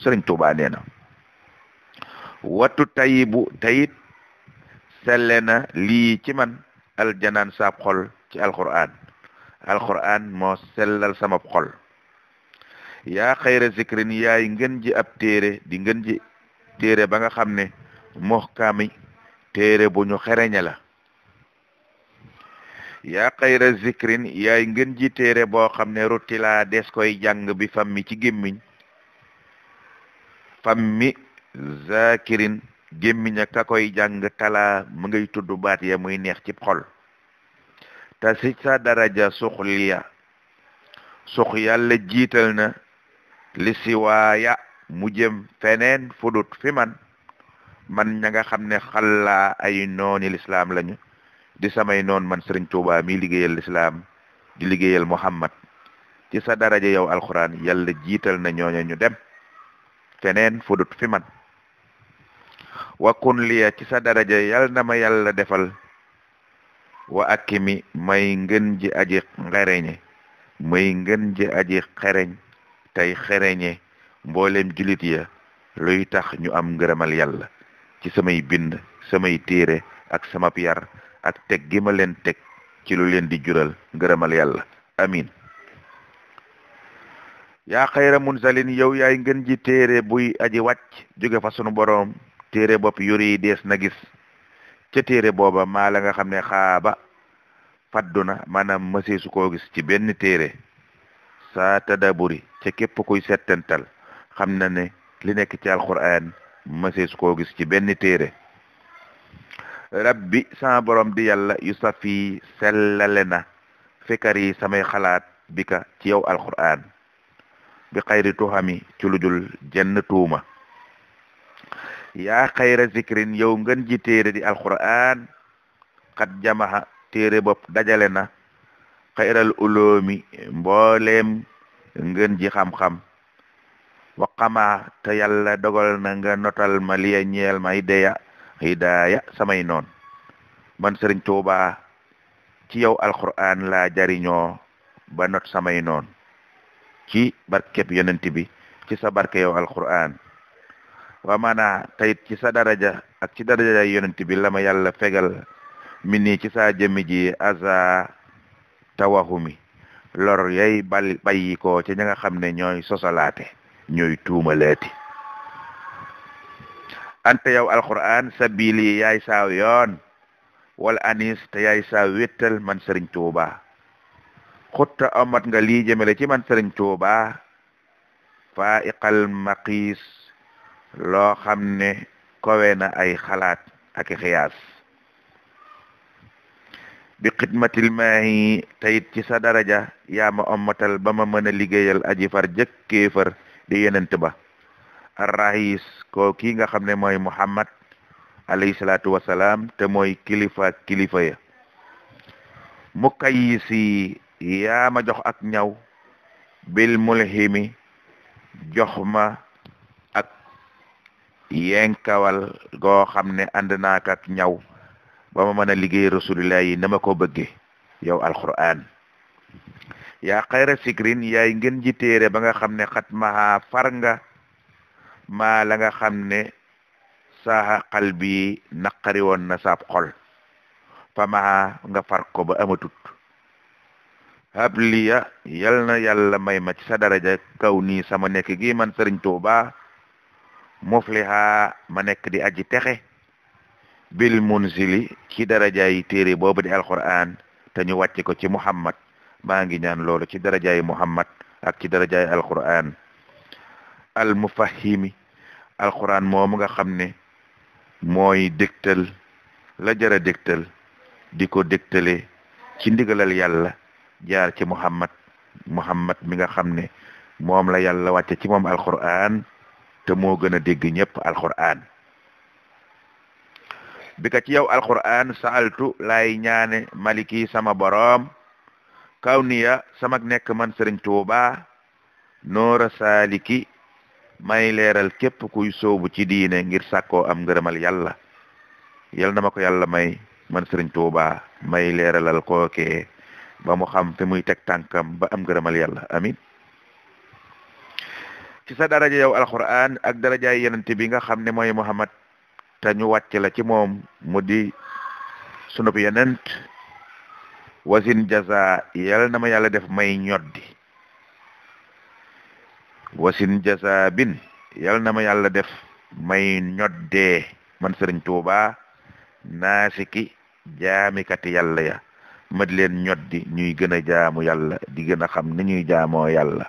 sëriñ Tuubaa nee na wattu tayibu tayit selle na lii ci man aljanaan saab xol ci alquran alquran moo sellal sama xol yaa xayra zikrin yaay ngën ji ab téere di ngën ji ba nga xam ne muhkami téere bu ñu xereñe la yaa xayra zikrin yaay ngën ji téere boo xam ne rutilaa des koy jàng bi fam ci gémmiñ fammi zakirin gémmiñ a ka koy jàng talaa mu ngay tudd baat ya muy neex ci xol te si sa daraja suxliya sux yàlla jiital na li ya mu jëm feneen fudut fi man man ña xam ne xallaa ay nooni lislaam lañu di samay noon man sëriñ Tuubaa mi liggéeyal lislaam di liggéeyal Muhammad ci sa daraja yow alxuraan yàlla jiital na ñooña ñu dem feneen fudut fi man wa kun ci sa daraja yal na ma yàlla defal wa akimi may ngën ji aji xereñe may ngën ji aji xereñ tey xereñe mboolem julit ya luy tax ñu am ngërëmal yàlla ci samay bind samay téere ak sama yar ak teg gi ma leen teg ci lu leen di jural ngërëmal yàlla amin yaa xayra munzalin yow yaay ngeen ji téere buy aji wàcc jóge fa sunu boroom téere bopp yuri dees na gis ca téere booba maa la nga xam ne xaaba fadduna maanaam mëseesu koo gis ci benn téere saa tadaburi ca képp kuy settental xam na ne li nekk ci alquran mëseesu koo gis ci benn téere rabbi sama borom di yàlla yu safi sellale na fikar yi samay xalaat bi ka ci yow alquran bi xayri tuxami ci lu jenn tuuma ya xayra zikrin yow ngën ji téere di alquran kat jamaha téere bopp dajale na xayral uloomi mbooleem ngeen ji xam-xam waqamaa te yàlla dogal na nga notal ma liya ñeel ma hideya hidaaya samay noon man sëriñ tuuba ci yow alquran laa jariñoo ba not samay noon ci barkeb yonent bi ci sa barke yow alquran waa maanaa tayit ci sa daraja ak ci daraja yonent bi la ma yàlla fegal mi ci sa jëmmi ji aza tawahumi lor yay bal bàyyi ko ci ña nga xam ne ñooy sosalaate ñooy tuumaleeti ante yow alquran sa biili yaay saaw yoon wala anis te yaay saaw wéttal man sëriñ tuuba xutta amat nga lii jëmale ci man sëriñ Tuuba faa iqal maqiis loo xam ne kowe na ay xalaat ak xiyaas bi xidmatil maahi tayit ci sa daraja yaa ma ba ma mën liggéeyal aji far di yenent ba arrahis koo kii nga xam ne mooy muhammad alayhi salaatu wasalaam te mooy kilifa kilifa ya mukayyisi yaa ma jox ak ñaw bil mulhimi jox ma ak yenkawal goo xam ne ànd naa ak ñaw ba ma mën a liggéey rasulillah yi na ko bëgge yow alquran yaa xayra sikrin yaay ngeen ji téere ba nga xam ne xat maha far nga maa la nga xam ne saaxa xal bi naqari woon na saab xol fa maha nga far ko ba amatut habliya yal na yàlla may ma ci sa daraja kaw nii sama nekk gi man sëriñ Tuuba mufliha ma nekk di aji texe bil munzili ci daraja yi téere booba di alquran te ñu wàcce ko ci muhammad maa ngi ñaan loolu ci daraja yi muhammad ak ci daraja yi alquran al mufahimi alquran moomu nga xam ne mooy dégtal la jara dégtal di ko dégtale ci ndigalal yàlla jaar ci muhammad muhammad mi nga xam ne moom la yàlla wàcce ci moom alquran te moo gën a dégg ñëpp alquran bi ka ci yow alquran saaltu lay ñaane maliki sama borom kaw niya sama nekk man sëriñ tuuba noora saaliki may leeral képp kuy soobu ci diine ngir sàkkoo am ngërëmal yàlla yal na ma ko yàlla may man sëriñ tuuba may leeralal kookee ba mu xam te muy teg tànkam ba am ngërëmal yàlla amin ci sa daraja yow alquran ak darajaay yenente bi nga xam ne mooy muhammad te ñu la ci moom mu di sunub yenent wasin jasa yàlla na ma yàlla def may ñoddi wasin jaza bin yàlla na ma yàlla def may ñoddee man sëriñ tuuba naasiki jaamikati yàlla ya mat leen ñoddi ñuy gën a jaamu yàlla di gën a xam ni ñuy jaamoo yàlla